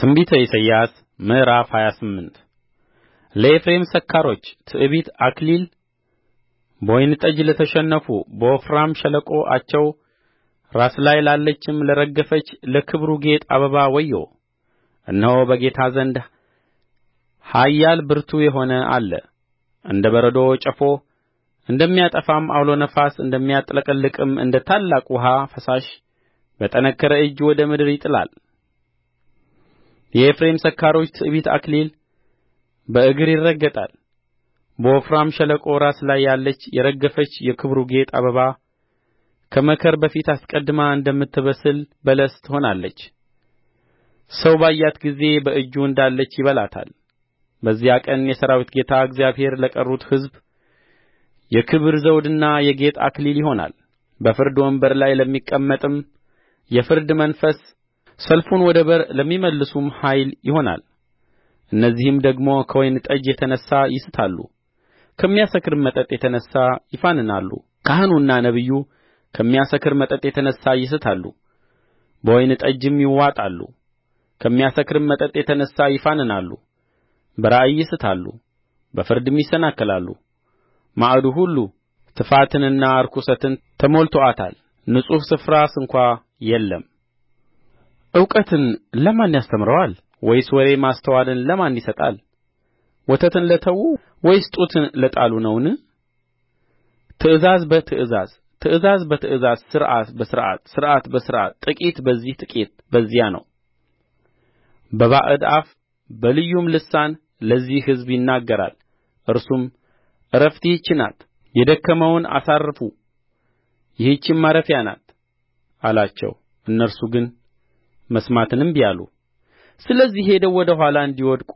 ትንቢተ ኢሳይያስ ምዕራፍ ሃያ ስምንት ለኤፍሬም ሰካሮች ትዕቢት አክሊል በወይን ጠጅ ለተሸነፉ በወፍራም ሸለቆአቸው ራስ ላይ ላለችም ለረገፈች ለክብሩ ጌጥ አበባ ወዮ እነሆ በጌታ ዘንድ ኃያል ብርቱ የሆነ አለ እንደ በረዶ ወጨፎ እንደሚያጠፋም ዐውሎ ነፋስ እንደሚያጥለቀልቅም እንደ ታላቅ ውኃ ፈሳሽ በጠነከረ እጅ ወደ ምድር ይጥላል የኤፍሬም ሰካሮች ትዕቢት አክሊል በእግር ይረገጣል በወፍራም ሸለቆ ራስ ላይ ያለች የረገፈች የክብሩ ጌጥ አበባ ከመከር በፊት አስቀድማ እንደምትበስል በለስ ትሆናለች ሰው ባያት ጊዜ በእጁ እንዳለች ይበላታል በዚያ ቀን የሠራዊት ጌታ እግዚአብሔር ለቀሩት ሕዝብ የክብር ዘውድና የጌጥ አክሊል ይሆናል በፍርድ ወንበር ላይ ለሚቀመጥም የፍርድ መንፈስ ሰልፉን ወደ በር ለሚመልሱም ኃይል ይሆናል እነዚህም ደግሞ ከወይን ጠጅ የተነሣ ይስታሉ ከሚያሰክርም መጠጥ የተነሣ ይፋንናሉ ካህኑና ነቢዩ ከሚያሰክር መጠጥ የተነሣ ይስታሉ በወይን ጠጅም ይዋጣሉ ከሚያሰክርም መጠጥ የተነሣ ይፋንናሉ በራእይ ይስታሉ በፍርድም ይሰናከላሉ ማዕዱ ሁሉ ትፋትንና ርኵሰትን ተሞልቶአታል ንጹሕ ስፍራ ስንኳ የለም እውቀትን ለማን ያስተምረዋል ወይስ ወሬ ማስተዋልን ለማን ይሰጣል ወተትን ለተዉ ወይስ ጡትን ለጣሉ ነውን ትእዛዝ በትእዛዝ ትእዛዝ በትእዛዝ ሥርዓት በሥርዓት ሥርዓት በሥርዓት ጥቂት በዚህ ጥቂት በዚያ ነው በባዕድ አፍ በልዩም ልሳን ለዚህ ሕዝብ ይናገራል እርሱም ዕረፍት ይህች ናት የደከመውን አሳርፉ ይህችም ማረፊያ ናት አላቸው እነርሱ ግን መስማትን እምቢ አሉ ስለዚህ ሄደው ወደ ኋላ እንዲወድቁ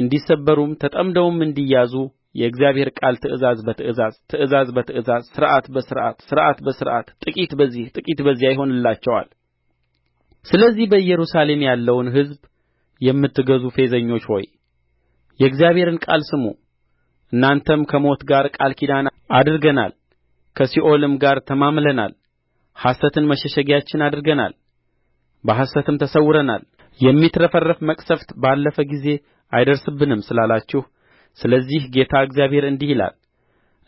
እንዲሰበሩም ተጠምደውም እንዲያዙ የእግዚአብሔር ቃል ትእዛዝ በትእዛዝ ትእዛዝ በትእዛዝ ሥርዓት በሥርዓት ሥርዓት በሥርዓት ጥቂት በዚህ ጥቂት በዚያ ይሆንላቸዋል ስለዚህ በኢየሩሳሌም ያለውን ሕዝብ የምትገዙ ፌዘኞች ሆይ የእግዚአብሔርን ቃል ስሙ እናንተም ከሞት ጋር ቃል ኪዳን አድርገናል ከሲኦልም ጋር ተማምለናል ሐሰትን መሸሸጊያችን አድርገናል በሐሰትም ተሰውረናል የሚትረፈረፍ መቅሠፍት ባለፈ ጊዜ አይደርስብንም ስላላችሁ ስለዚህ ጌታ እግዚአብሔር እንዲህ ይላል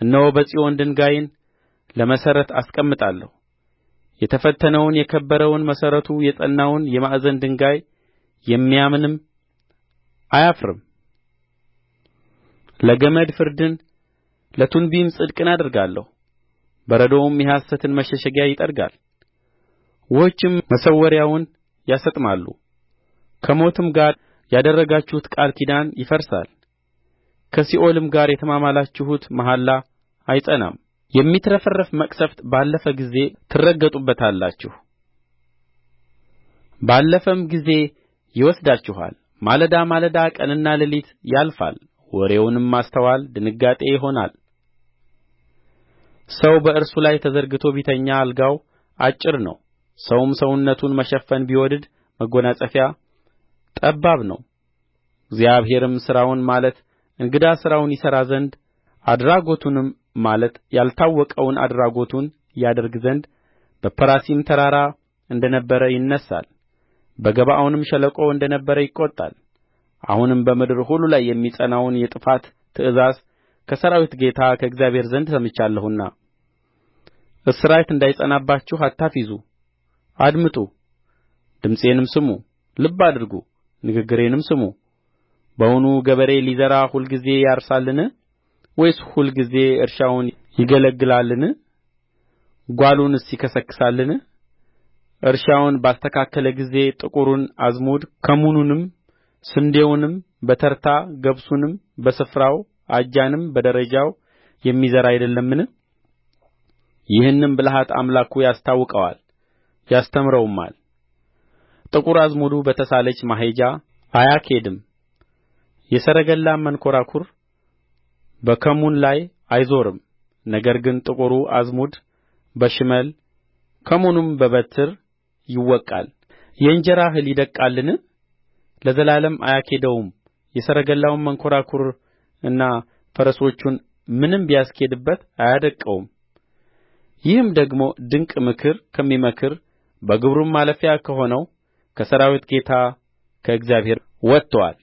እነሆ በጽዮን ድንጋይን ለመሠረት አስቀምጣለሁ የተፈተነውን የከበረውን መሠረቱ የጸናውን የማዕዘን ድንጋይ የሚያምንም አያፍርም ለገመድ ፍርድን ለቱንቢም ጽድቅን አደርጋለሁ በረዶውም የሐሰትን መሸሸጊያ ይጠርጋል ውኆችም መሰወሪያውን ያሰጥማሉ ከሞትም ጋር ያደረጋችሁት ቃል ኪዳን ይፈርሳል ከሲኦልም ጋር የተማማላችሁት መሐላ አይጸናም የሚትረፈረፍ መቅሠፍት ባለፈ ጊዜ ትረገጡበታላችሁ ባለፈም ጊዜ ይወስዳችኋል ማለዳ ማለዳ ቀንና ሌሊት ያልፋል ወሬውንም ማስተዋል ድንጋጤ ይሆናል ሰው በእርሱ ላይ ተዘርግቶ ቢተኛ አልጋው አጭር ነው ሰውም ሰውነቱን መሸፈን ቢወድድ መጐናጸፊያ ጠባብ ነው እግዚአብሔርም ሥራውን ማለት እንግዳ ሥራውን ይሠራ ዘንድ አድራጎቱንም ማለት ያልታወቀውን አድራጎቱን ያደርግ ዘንድ በፐራሲም ተራራ እንደ ነበረ ይነሣል በገባዖንም ሸለቆ እንደ ነበረ ይቈጣል አሁንም በምድር ሁሉ ላይ የሚጸናውን የጥፋት ትእዛዝ ከሠራዊት ጌታ ከእግዚአብሔር ዘንድ ሰምቻለሁና እስራት እንዳይጸናባችሁ አታፊዙ አድምጡ ድምፄንም ስሙ ልብ አድርጉ ንግግሬንም ስሙ በውኑ ገበሬ ሊዘራ ሁልጊዜ ያርሳልን ወይስ ሁልጊዜ እርሻውን ይገለግላልን ጓሉንስ ይከሰክሳልን እርሻውን ባስተካከለ ጊዜ ጥቁሩን አዝሙድ ከሙኑንም ስንዴውንም በተርታ ገብሱንም በስፍራው አጃንም በደረጃው የሚዘራ አይደለምን ይህንም ብልሃት አምላኩ ያስታውቀዋል ያስተምረውማል ጥቁር አዝሙዱ በተሳለች ማሄጃ አያኬድም የሰረገላም መንኰራኵር በከሙን ላይ አይዞርም ነገር ግን ጥቁሩ አዝሙድ በሽመል ከሙኑም በበትር ይወቃል የእንጀራ እህል ይደቅቃልን ለዘላለም አያኬደውም የሰረገላውም መንኰራኵርና ፈረሶቹን ምንም ቢያስኬድበት አያደቅቀውም ይህም ደግሞ ድንቅ ምክር ከሚመክር በግብሩም ማለፊያ ከሆነው ከሠራዊት ጌታ ከእግዚአብሔር ወጥቶአል